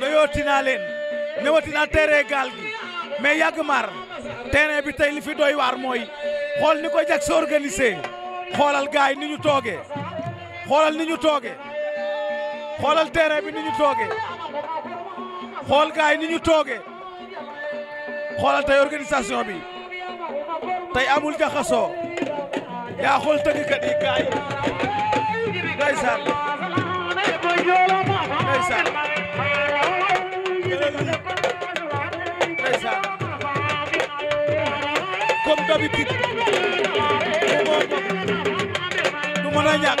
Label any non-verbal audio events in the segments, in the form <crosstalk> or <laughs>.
nuyooti naa leen ñëwati naa terrain gaal gi mais yàgg maar terrain bi tey li fi doy waar mooy xool ni ko jag sa organisé xoolal gaay yi ni ñu tooge xoolal ni ñu tooge xoolal terrain bi ni ñu tooge xool gaay yi ni ñu toogee xoolal tey organisation bi tey amul jaxasoo yaa xool tëggkat yi gaay yi ndeysaan bi tiit du mën a ñàkk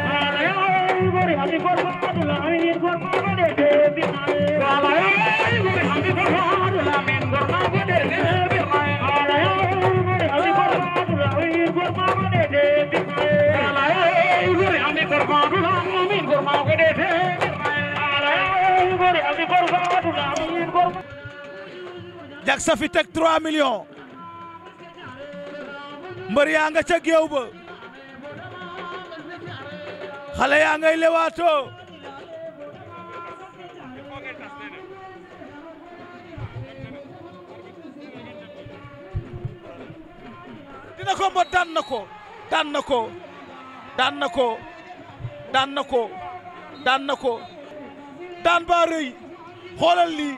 jak safi teg 3 millions mbër yaa nga ca géew ba xale yaa ngay lewaatoo dina ko mbot daan na ko daan na ko daan na ko daan na ko daan na ko daan baa rëy xoolal lii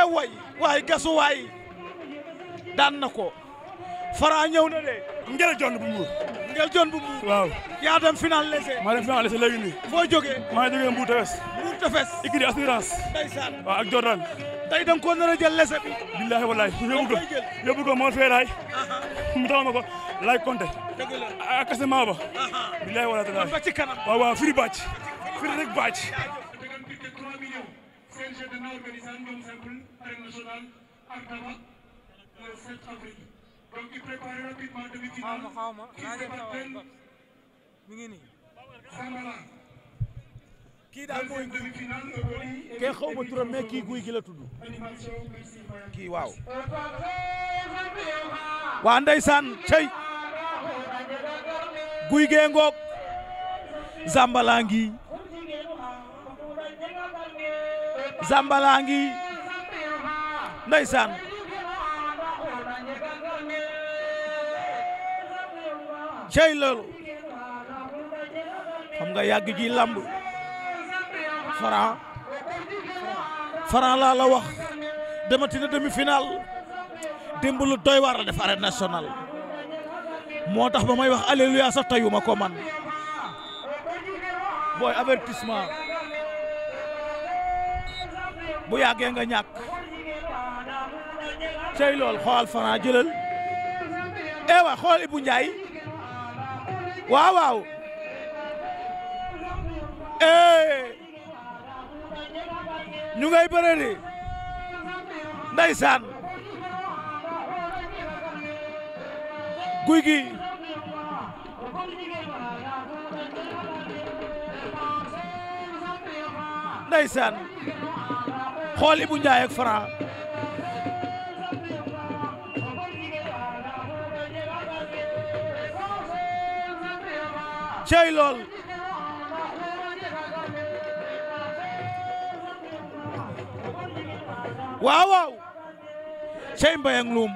e waaye gasu waay daan na ko Fara ñëw na de. Ngel John bu Mbour. Ngel John bu Mbour. waaw. yaa dem final maa dem final lessé léegi foo jógee. maa jógee Mbour Tefes. Mbour Tefes. Ikri ak Jordan. tey da nga koo nar a jël yóbbu ko yóbbu ko moo feeraay. mu taxaw ma ko laay compter. dëgg la maa ba. billahi wallahi. ba waaw waaw firi bàcc. firi rek bàcc. chargé de kii daal mooy kee xaw ma turam kii guy gi la kii waaw waa ndeysaan cey guy gee ngoog zambala Zambala ngi ndeysaan cey loolu xam nga yàgg ji làmb Franc Franc laa la wax demati na demi-finale démb lu doy waar la def arène nationale moo tax ba may wax alléluia sax tayuma ko man booy avertissement bu yàggee nga ñàkk cey lool xoolal Franc jëlal ewa xool Ibou Ndiaye waaw waaw ñu ngay bëre de ndeysaan guy gi ndeysaan xool Ibou Ndiaye ak Franc cey lool waaw waaw cey luum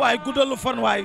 waay guddalu fan waay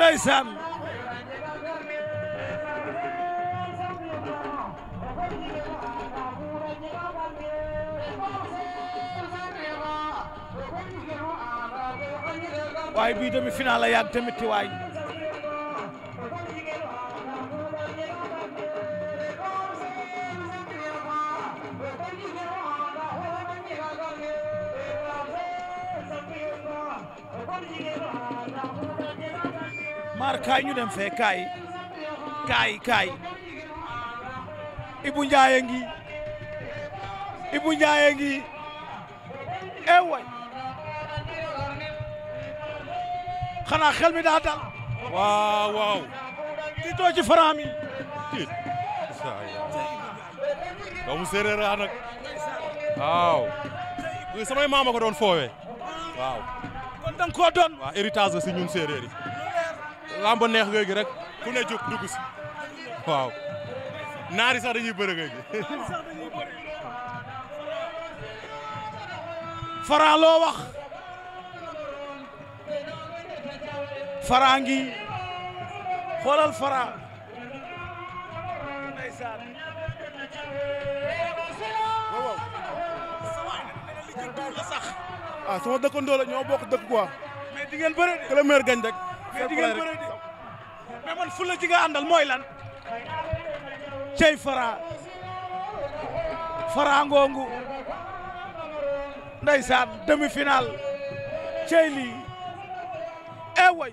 ndeysaan waaye bii demi final la yàgg tamit waay ñu dem fee kaay kaay kaay Ibou Ndiaye ngi Ibou Ndiaye ngi eh xanaa xel mi daa waaw waaw. di too ci doomu séeréer a nag. waaw. samay maama ko doon foowee. waaw. kon da nga koo si ñun séeréer làmb neex ngay gi rek ku ne jóg dugg si waaw naari sax dañuy bëre ngay gi Fara loo wax Fara ngi xoolal Fara ah, sama dëkkandoo ñoo bokk dëkk quoi mais di ngeen bëre de. que le meilleur gagne rek. mais di ngeen bëre de. mais man fulla ji nga àndal mooy lan cey fara fara ngongu ndeysaan demi-finale cey lii ee eh way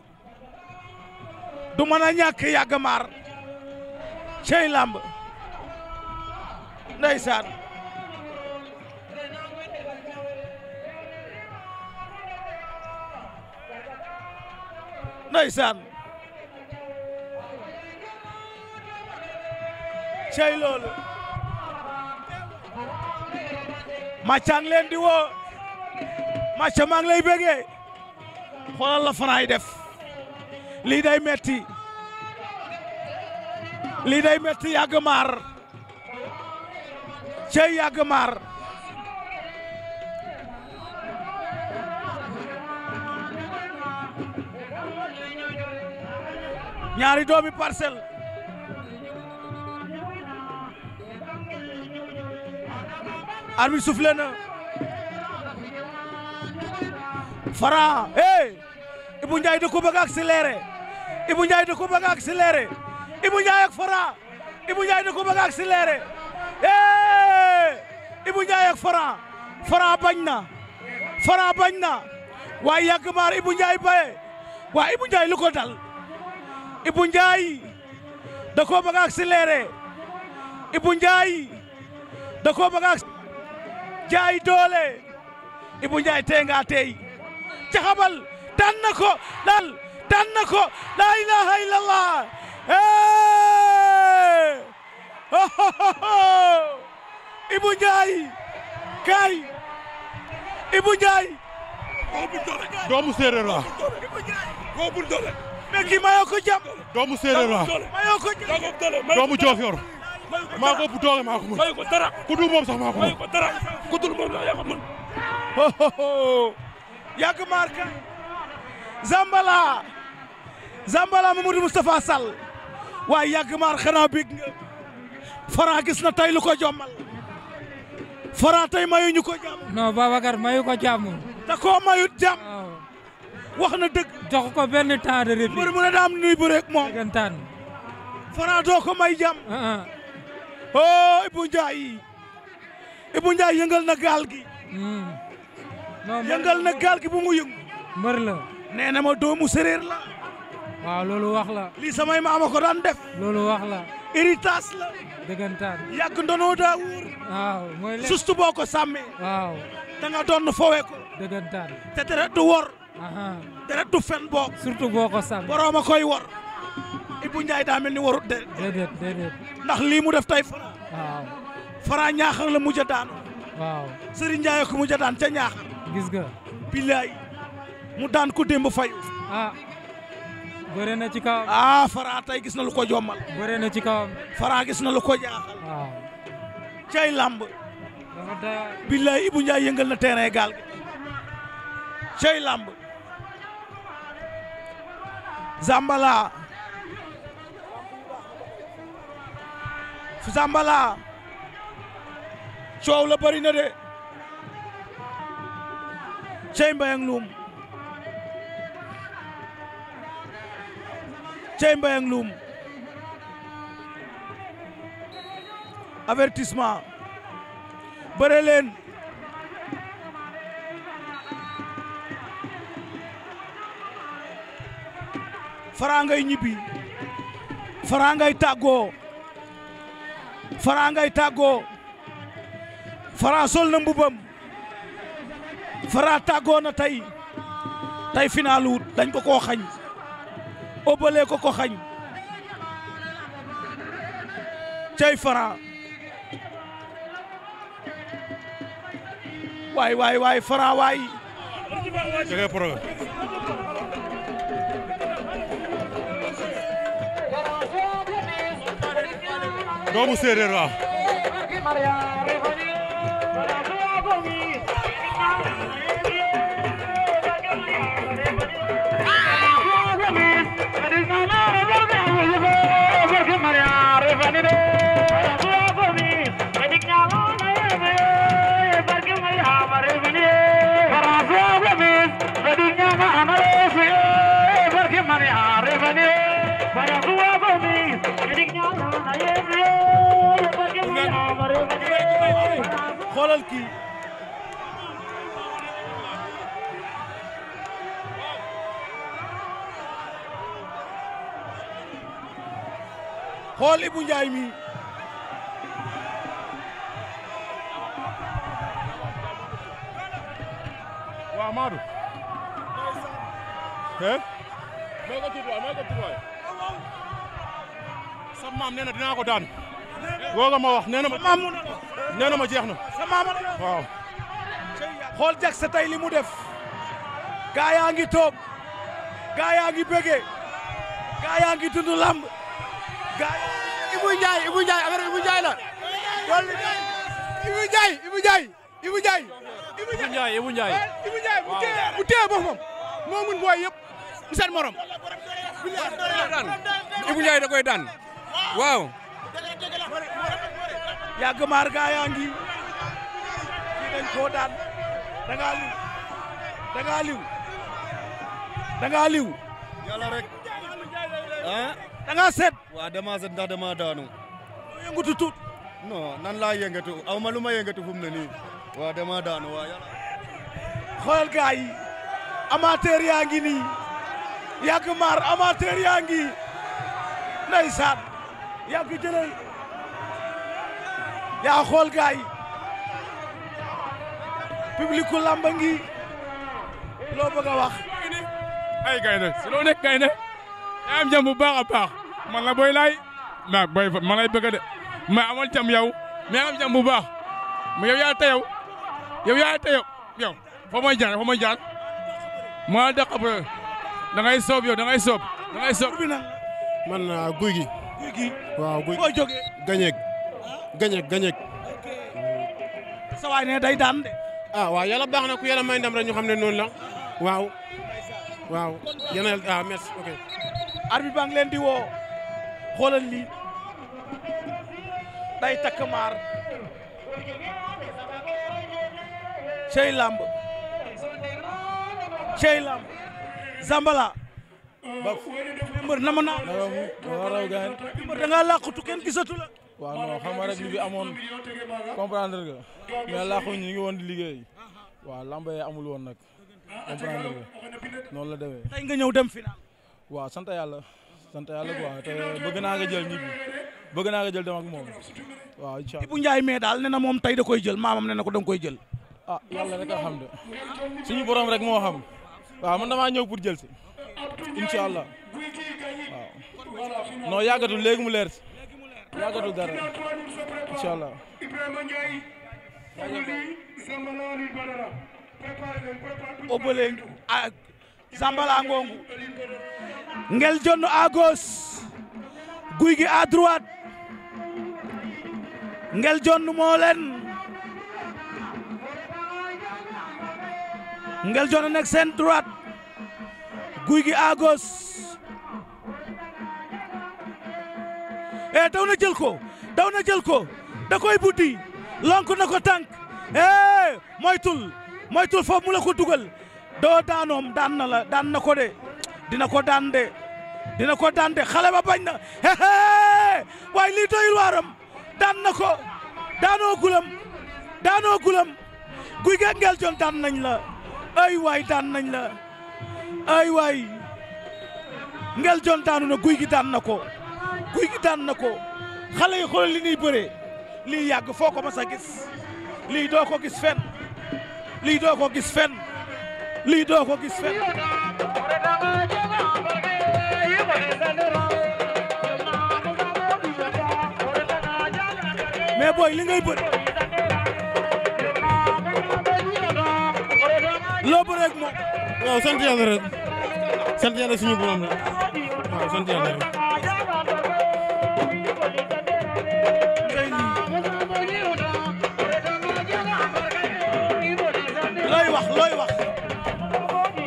du mën a ñàkk yàgg maar cey làmb ndeysaan ndeysaan cey loolu Macha ngi leen di woo lay bëggee xoolal la faraay def lii day metti lii day metti yàgg maar cey yàgg maar ñaari doomi parcelle arbitre soufflé na Fara hey Ibou Ndiaye da ko bëgg accéléré Ibou Ndiaye da ko bëgg accéléré Ibou Ndiaye ak Fara Fara Fara bañ na Fara bañ na waaye yàgg maar Ibou Ndiaye baye waa Ibou Ndiaye lu dal Ibou Ndiaye da ko bëgg accéléré Ibou Ndiaye da ko bëgg jaay doole Ibou Ndiaye tey ngaa tey caxabal daan na ko daal daan ko laa ilaha illallah Ibou Ndiaye kay Ibou Ndiaye doomu séeréer la doomu séeréer la doomu joof yor maa ko ëpp doole maa ko mën. mayu ko dara ku dul moom sax maa ko waaye yàgg maar xanaa bég nga Franc na tey ko jommal Franc tey mayu ñu ko jàmm. non Babacar mayu ko jàmm. da koo mayut jàmm. wax na dëgg. jox ko benn temps de répit. mbër mu ne daa am nuy bëreeg moom. dëggantaan. Franc doo oh Ibou Ndiaye yëngal na gaal gi. Hmm. yëngal na gaal gi bu mu yëngu. mbër la. na ma doomu séréer la. waaw loolu wax la. lii samay maama ko daan def. loolu wax la. héritage la. dëggantaan. yàgg ndonoo daa wóor. waaw mooy lépp sustu boo ko sàmmee. waaw da nga doon fowee ko. dëggantaan. te deret du wor. deret du fen boo. surtout boo ko sàmmee. borooma koy wor. Ibou Ndiaye daa ni warut de. ndax lii mu def tay waaw. Fara ñaaxar la mujj a daanu. waaw Serigne ca ñaaxar. gis nga. billaay mu daan ko démb fayu. Ah. Ah, Fara tey gis na lu ko jommal. na ci kawam. Fara gis na lu ko jaaxal. cay làmb. billaay Ibou Ndiaye yëngal na terrain gaal cay làmb. Zambala. Zambala coow la bëri na de cey mbayang luum cey mbayang luum avertissement bëre leen fara ngay ñibbi fara ngay tàggoo Franc ngay tàggoo Franc sol na mbubam Franc tàggoo na tey tey finaalu dañ ko koo xañ obalee ko ko xañ cey Franc waay waay waay Franc doomu séeréer waaw xool Ibou Ndiaye mi waaw Madou eh may ko tudd waay may ko tudd waay sa maam ko daan googa ma wax nee na ma jeex na waaw xool jag sa tey li mu def gaa ngi toog gaa ngi bëgge gaa ngi dund lamb Ibou Ndiaye Ibou Ndiaye affaire Ibou Ndiaye la loolu Ibou Ndiaye Ibou Ndiaye Ibou Ndiaye Ibou Ndiaye Ibou Ndiaye Ibou Ndiaye bu téye bu téye boppam moo mun booy yëpp du seen morom Ibou Ndiaye da koy daan waaw yàgg maar gaa yaa ngi kii dañ koo daan da ngaa liw da ngaa liw da ngaa liw yàlla rek ah da ngaa seet. waaw damaa seet ndax damaa daanu. doo yëngatu tuut. nan laa yëngatu aw ma lu ma yëngatu fu ne nii. waaw damaa daanu waaw yàlla. xoolal gaa yi amateur yaa ngi nii yàgg maar amateur yaa ngi ndeysaan yàgg jëlal yaa xool gaa yi public ku làmba ngi loo bëgg a ay gaynde si loo nekk gaynde yaa am bu baax a baax man la booy laay ma booy ma lay bëgg de ma amal jàmm yow mais am jàmm bu baax ma yow yaa teyow yow yaa teyow yow foo may jaar foo may jaar ma dàq ba da ngay soob yow da soob da soob bi na man ah, guy gi guy gi waaw guy boo waay ne day daan de ah waaw yàlla baax na ku yàlla may ndam rek ñu xam ne noonu la waaw waaw yéen a ah arbitre baa leen di woo xoolal lii day takk maar cey lamb cey lamb Zambala ba nama naa waa raw gaan mbër da ngaa làqutu kenn la waaw non xam nga rek li amoon comprendre nga mais làqu ñu ngi woon di liggéey waaw lamba yee amul woon nag comprendre noonu la demee tey nga ñëw dem final waaw sant yàlla sant yàlla quoi te bëgg naa nga jël ñibbi bëgg naa nga jël dem ak moom waaw incha allah bu Njaay mais daal ne na moom tey da koy jël maamam ne na ko da koy jël ah yàlla rek a xam de suñu borom rek moo xam waaw man damaa ñëw pour jël si allah waaw non yàggatul léegi mu leer si yàggatul dara allah Obeuly Zambala ngongu Ngel Jonn à gauche Gouy Gui à droite Ngel Jonn moo leen Ngel Jonn nekk seen droite Gouy Gui à eh, daw na jël daw na jël da koy buddi lonk na ko tànk eh moytul moytul foofu mu la ko dugal doo daanoom daan na la daan na ko de dina ko daan de dina ko daan de xale ba bañ na waaye lii doyul waaram daan na ko daanoo gulam daanoo gulam guy ga ngeel jon nañ la ay waay nañ la ay daanu na guy gi daan na ko guy gi daan na ko xale yi xool li ñuy lii yàgg foo ko mas a gis lii doo ko gis fenn lii doo ko gis fenn lii doo ko gis fenn mais booy li ngay bëri loo bëree ak moom. waaw sant yàlla rek sant yàlla suñu borom la waaw sant yàlla rek.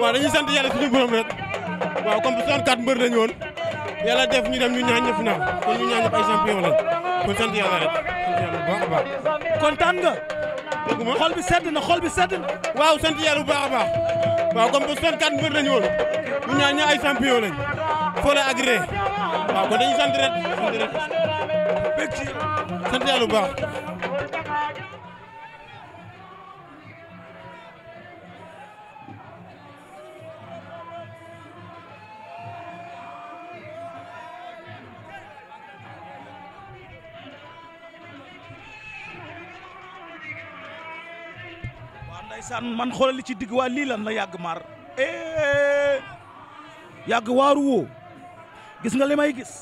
waaw dañuy sant yàlla suñu borom rek waaw comme 64 mbër lañu woon yàlla def ñu dem ñu ñaan ñëpp final kon ñu ñaan ñëpp ay champion lañ rek sant yàlla bu a xol bi sedd na xol bi sedd waaw sant yàlla bu baax a baax waaw comme 64 mbër woon ñu ñaan ña ay champion lañ fole ak ree waaw kon dañuy sant rek sant rek ndeysaan man xoolal li ci digg waa lii lan la yàgg maar eh, yàgg waaru woo gis nga li may gis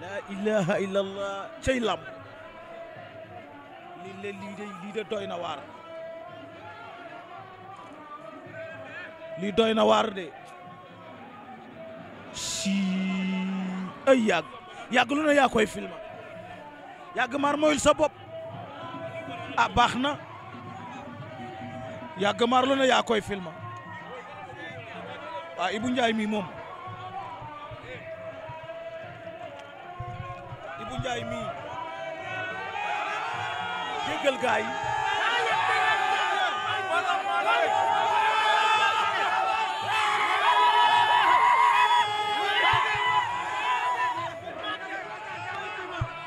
laa ilaha illallah cey lam lii de lii de lii de doy na waar lii doy na waar de si ay yàgg yàgg lu ne yaa koy filma yàgg maar moyul sa bopp ah baax na yàgg maar lu ne yaa koy filma waaw Ibou Ndiaye mi moom Ibou Ndiaye mi jéggal gaay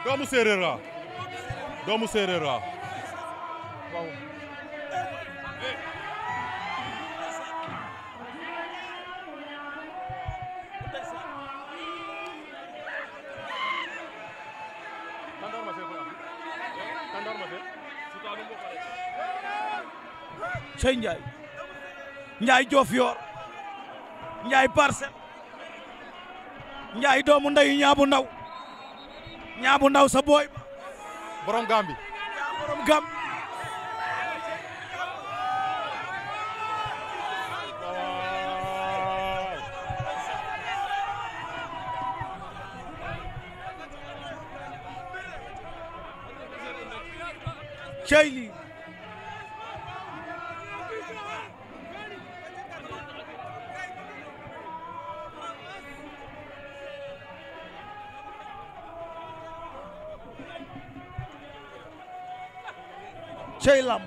doomu séeréer la Sey Ndiaye Ndiaye Joof Yoor Ndiaye Parcelles Ndiaye doomu ndeyu ñaabu ndaw ñaabu ndaw sa booy borom gambi borom cey làmb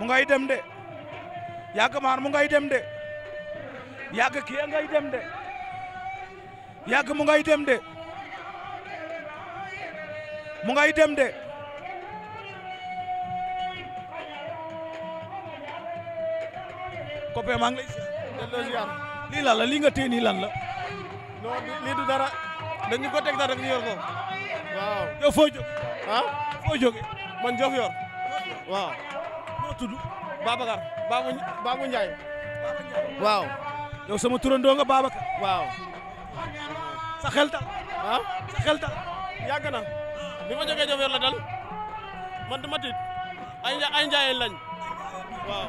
mu ngay dem de yàgg maar mu ngay dem de yàgg kii ngay dem de yàgg mu ngay dem de mu ngay dem de coppe maa ngi lay lii lan la nga téye nii lan la non lii du dara dañu ko teg dara rek yor ko waaw yow foo jóg ah foo jóge yor waaw moo tudd Babacar Babou Babou Ndiaye. waaw. yow sama turandoo nga Babacar. waaw. sa xel dal. Ah? sa xel dal. yàgg na bi ma jógee Jofior la dal man dama ay ay Ndiaye lañ waaw.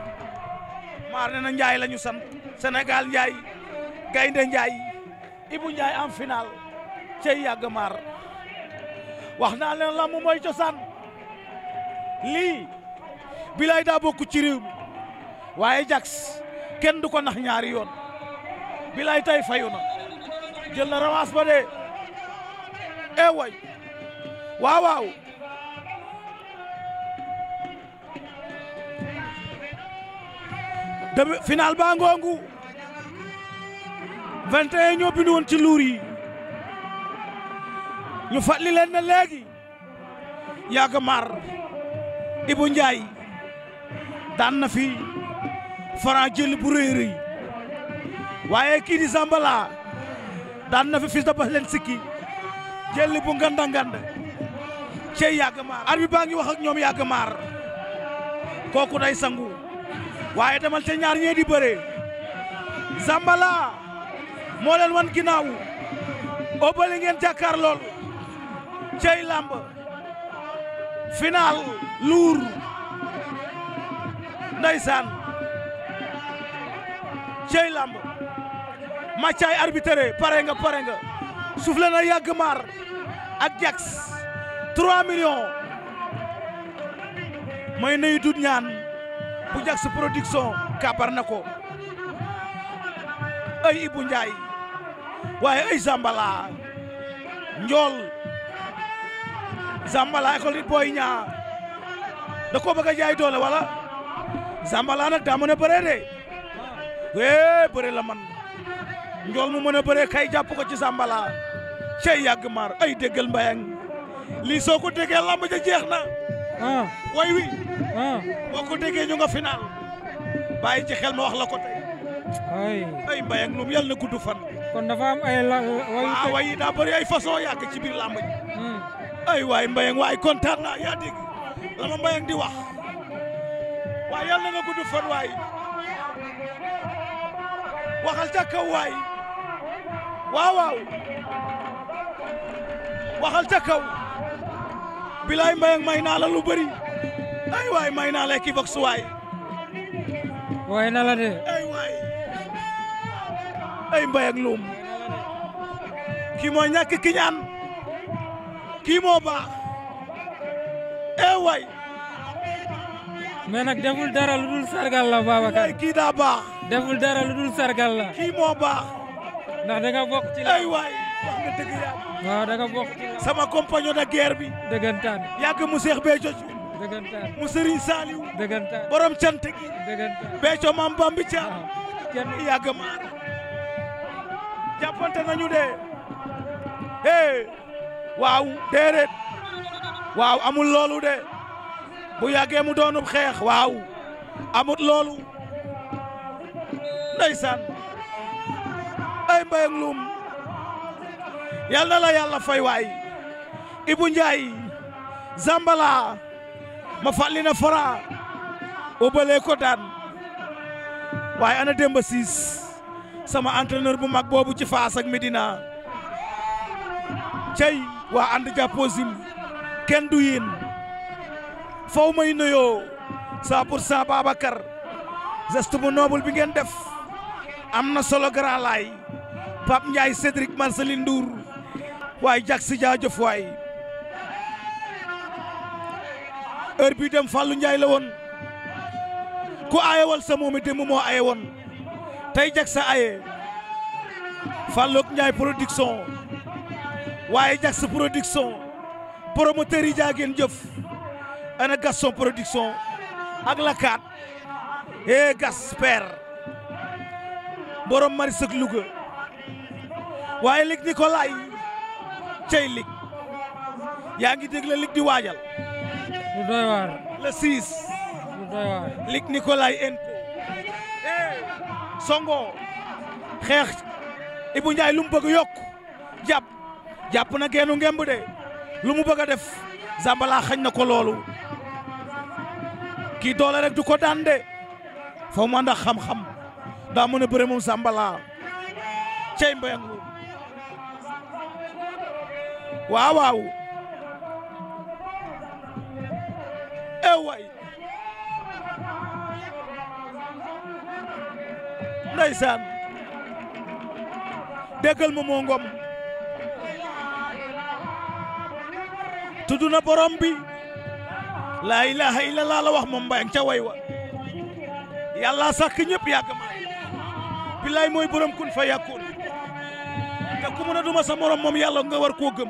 maar ne na Ndiaye la ñu sant Sénégal Ndiaye Gaynde Ndiaye Ibou Ndiaye en final cey yàgg maar wax naa leen lamb mooy cosaan lii bilay daa bokk ci réew waaye Jax kenn du ko nax ñaari yoon bilay tay fayu jël na ramas ba de e eh way waaw waaw ba ngongu 21 ñoo bindu ci luur yi ñu fàttali leen na léegi mar Ibou daan na fi Franc jël bu rëy rëy waaye kii di Zambala daan na fi Fils sikki jël bu nganda ngand cey yàgg maar arbitre baa ngi wax ak ñoom yàgg maar kooku day sangu waaye demal ca ñaar ñee di bëre Zambala moo wan ginnaaw obali ngeen lool cey làmb final luur ndeysaan cey lamb Mathiaye arbitré pare nga pare nga na yàgg maar ak Jax 3 millions may nuyu dut ñaan bu Jax production kabar na ko ay Ibou Ndiaye waaye ay Zambala njool Zambala école nit booy ñaa da koo bëgg a jaay doole wala Zambala nag daa mën a wee bëre la man njool mu mën a bëree kay jàpp ko ci sambala cey yàgg maar ay déggal mbayang lii soo ko déggee lamb ja jeex na ah. way wi ah. boo ko déggee ñu nga final bàyyi ci xel ma wax la ko tey ay mbayang num yàlla na gudd fan kon dafa am ay waaw way yi daa bëri ay façon yàgg ci biir lamb ji hmm. ay waay mbayang waay kontaan naa yaa dégg la ma mbayang di wax waay yàlla na gudd fan waay waxal ca kaw waay waaw waaw waxal ca kaw bilaay may naa la lu bëri ay waay may na la de ay waay ay mbay luum kii moo ñàkk kiñaan kii moo baax ee waay mais deful dara lu sargal la Babacar kii daa baax deful dara lu dul sargal la. kii moo baax. ndax da nga bokk ci la ay waay wax nga dëgg waaw da nga ci la. sama compagnon de guerre bi. dëggantaan. yàgg mu Seex Béthio. dëggantaan mu Serigne Saliou. borom cant gi. dëggantaan Béthio maam Bambi Thiam. yàgg maar. jàppante nañu de. hey. waaw déedéet. waaw amul loolu de. bu yàggee mu doonub xeex waaw. amut loolu. ndeysaan ay mbay ak luum yal la yàlla fay waay Ibu Njaay Zambala ma li na fara o balee ko daan waaye ana Demba Siis sama entraîneur bu mag boobu ci Fass ak Medina cey waa ànd jàppoo sim kenn faw may nuyoo 100 pour 100 Babacar geste bu noble bi ngeen def am na solo grand laay Pape Ndiaye Cédric Marcelin Ndour waaye jak si jaajëf waay heure bi dem Fallou Ndiaye la woon ku ayewal sa moom itam moo aye woon tey jak sa aye Fallou ak Ndiaye production waaye jak sa production promoteur yi jaageen jëf ana Gaston production ak la kaat e eh, gas borom mari sëg Louga waaye lig Nicolay cey lig yaa ngi dégla la lig di waajal. lu doy waar. le 6. en eh, songo xeex Ibou Ndiaye lu mu bëgg yokk jàpp jàpp na geenu ngemb de lu mu bëgg a def Zambala xañ na ko loolu kii doole rek du ko daan de foo mu ànd xam-xam. daa mën a bëre cey Mbayang Ndour waaw waaw ee eh, waay ndeysaan déggal ma moo ngom na borom bi laa ilaaha illa la wax moom Mbayang ca way wa yàlla sàkk ñëpp yàgg ma billaay mooy borom kun fa yàkkoon te ku mën a duma morom moom yàlla nga war koo gëm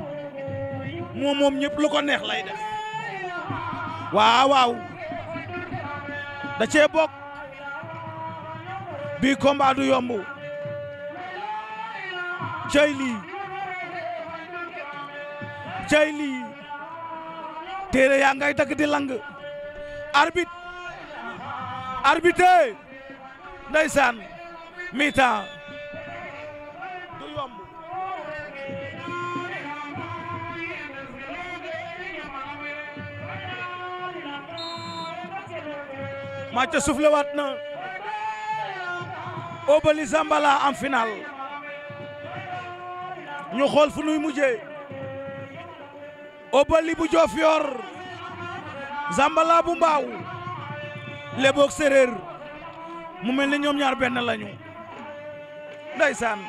moom moom ñëpp lu ko neex lay def waaw da cee bokk bii combat du yomb cay lii cay lii téere yaa ngay dagg di lang arbitre arbitre ndeysaan mi-temps du yomb match soufflé na Obali Zambala am final ñu fu nuy mujjee Obali bu Diofior Zambala bu Mbaaw Leboog Séeréer mu mel ni ñoom ñaar benn lañu ndeysaan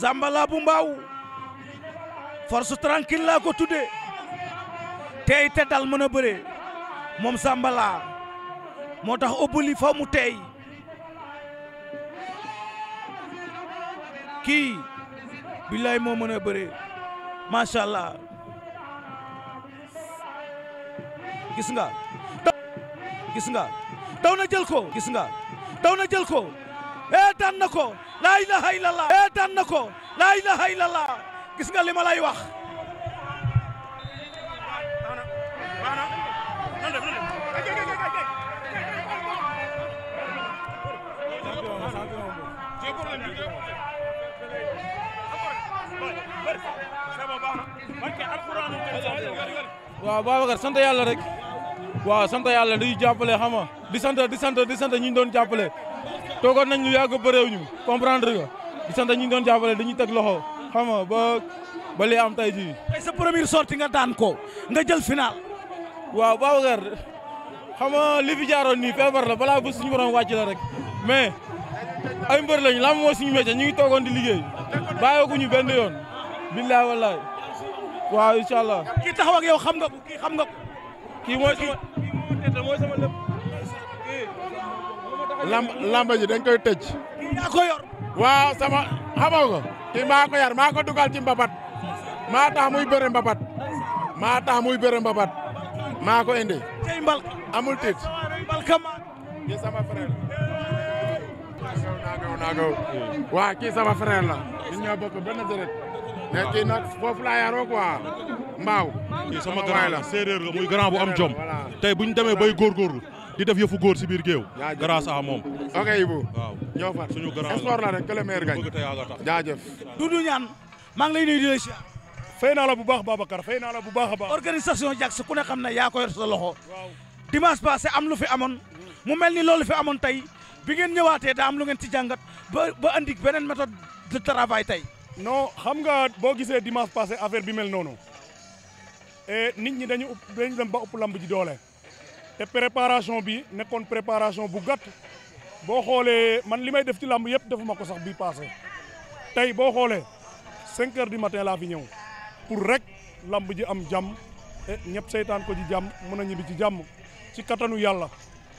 zambala bu mbaaw force tranquille laa ko tudde tey te dal mën a bëre moom zambala moo tax obuli fa mu tey kii billaay moo mën a bëre macha gis nga gis nga daw na jël ko gis nga daw na jël ko ee eh, daan na ko laa ilaha illallah ee eh, li ma lay sant yàlla rek waaw sant yàlla di jàppale xam nga di sant di sant di sant ñi ñu doon jàppale toogoon nañ lu yàgg bëréew ñu comprendre nga di sant ñi ñu doon jàppale dañuy teg loxo xam ba ba li am tay ji tey sa première sortie nga daan ko nga jël final. waaw Babacar xam nga li fi jaaroon nii feebar la balaa bu suñu borom wàcc la rek mais ay mbër lañ lam moo suñu métier ñu ngi toogoon di liggéey bàyyeekuñu benn yoon billaay wallaay waaw incha allah. kii taxaw ak yow xam nga ko kii xam nga ko. da mooy sama lépp lamb lamb ji dañ koy tëj yaa ko yor waaw sama xamoo ko maa ko yar maa ko dugal ci mbabat maa tax muy bëre mbabat maa tax muy bëre mbabat maa ko indi tey mbal amul tiit mbalka kii sama frère la waa kii sama frère la ñun ñoo bokk benn mais kii nag foofu laa yaroo quoi mbaaw kii sama grand la séeréer la muy grand bu am jom tey bu ñu demee bay góorgóorlu di def yëfu góor si biir géew grâce a moom ok Ibou waaw ñoo far suñu grand sport la rek que le meilleur gagne jaajëf Doudou Niane maa ngi la si fay naa la bu baax Babacar fay naa la bu baax a baax ku ne xam ne yaa ko yor sa loxo dimanche passé am lu fi amoon mu mel ni loolu fi amoon tey bi ngeen ñëwaatee daa am lu ngeen ci jàngat ba ba andi beneen méthode de travail tey non xam nga boo gisee dimanche passé affaire bi mel noonu et nit ñi dañu upp dañu dem ba upp lamb ji doole te préparation bi nekkoon préparation bu gàtt boo xoolee man li may def ci lamb yëpp defuma ko sax bi passé tey boo xoolee cinq heures du matin laa fi ñëw pour rek lamb ji am jàmm e ñëpp seytaan ko ci jàmm mun a ñibbi ci jàmm ci kattanu yàlla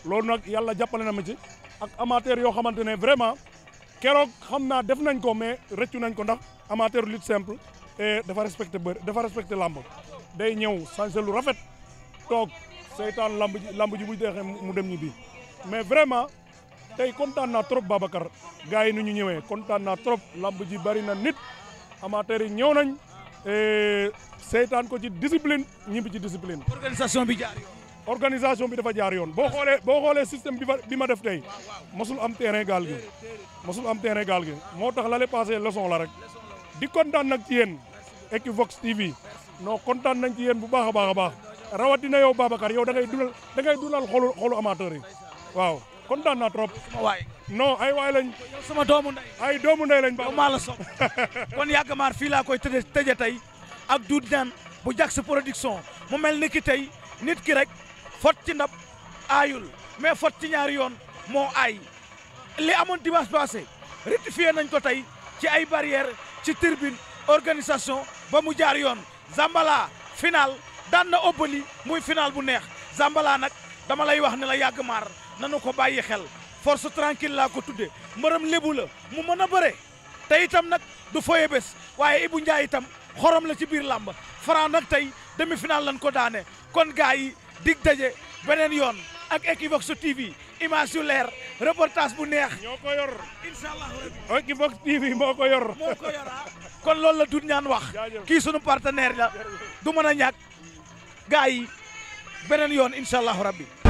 loolu nag yàlla jàppale na ma ci ak amateur yoo xamante ne vraiment keroog xam naa def nañ ko mais rëccu nañ ko ndax amateur lutte simple et eh, dafa respecté bër dafa respecté làmb day ñëw sañse lu rafet toog seytaan lamb ji lamb ji bu jeexee mu dem ñibbi mais vraiment tey kontaan naa trop Babacar gars yi nu ñu ñëwee kontaan naa trop lamb ji bari na nit amateurs yi ñëw nañ eh, seytaan ko ci discipline ñibbi ci discipline. organisation bi jaar organisation bi dafa jaar yoon boo xoolee boo xoolee système bi ma def tey mosul am terrain gaal gi mosul am terrain gaal gi moo tax lale passé leçon la rek di kontaan nag ci yéen Equivox TV non kontaan nañ ci yéen bu baax a baax a baax rawatina yow Babacar yow da ngay dulal da ngay dulal xolu xolu amateur waaw kontaan naa trop. waay non ay waay lañ. sama doomu ndey. ay doomu ndey lañ. ba maa la sopp <laughs> kon yàgg maar fii laa koy tëjee tëjee tey ak duut naan bu jag sa production mu mel ni ki tey nit ki rek fot ci ndab aayul mais fot ci ñaari yoon moo ay li amoon dimanche passé rectifié nañ ko tey ci ay barrière ci tribune organisation ba mu jaar yoon Zambala final daan na ëbbali muy final bu neex Zambala nag dama lay wax ne la yàgg maar nanu ko bàyyi xel force tranquille laa ko tudde mbërëm lébu la mu mën a bëre te itam nag du foye bés waaye Ibou Ndiaye itam xorom la ci biir làmb Franc nag tey demi final lañ ko daane kon gars yi dig daje beneen yoon ak Equivox TV image yu leer reportage bu neex. ñoo ko yor. incha allah rabi. Equivox TV moo ko yor. yor ah. kon loolu la Doudou Niane wax. kii sunu partenaire la. du mën a ñàkk. gars yi beneen yoon incha allah rabi.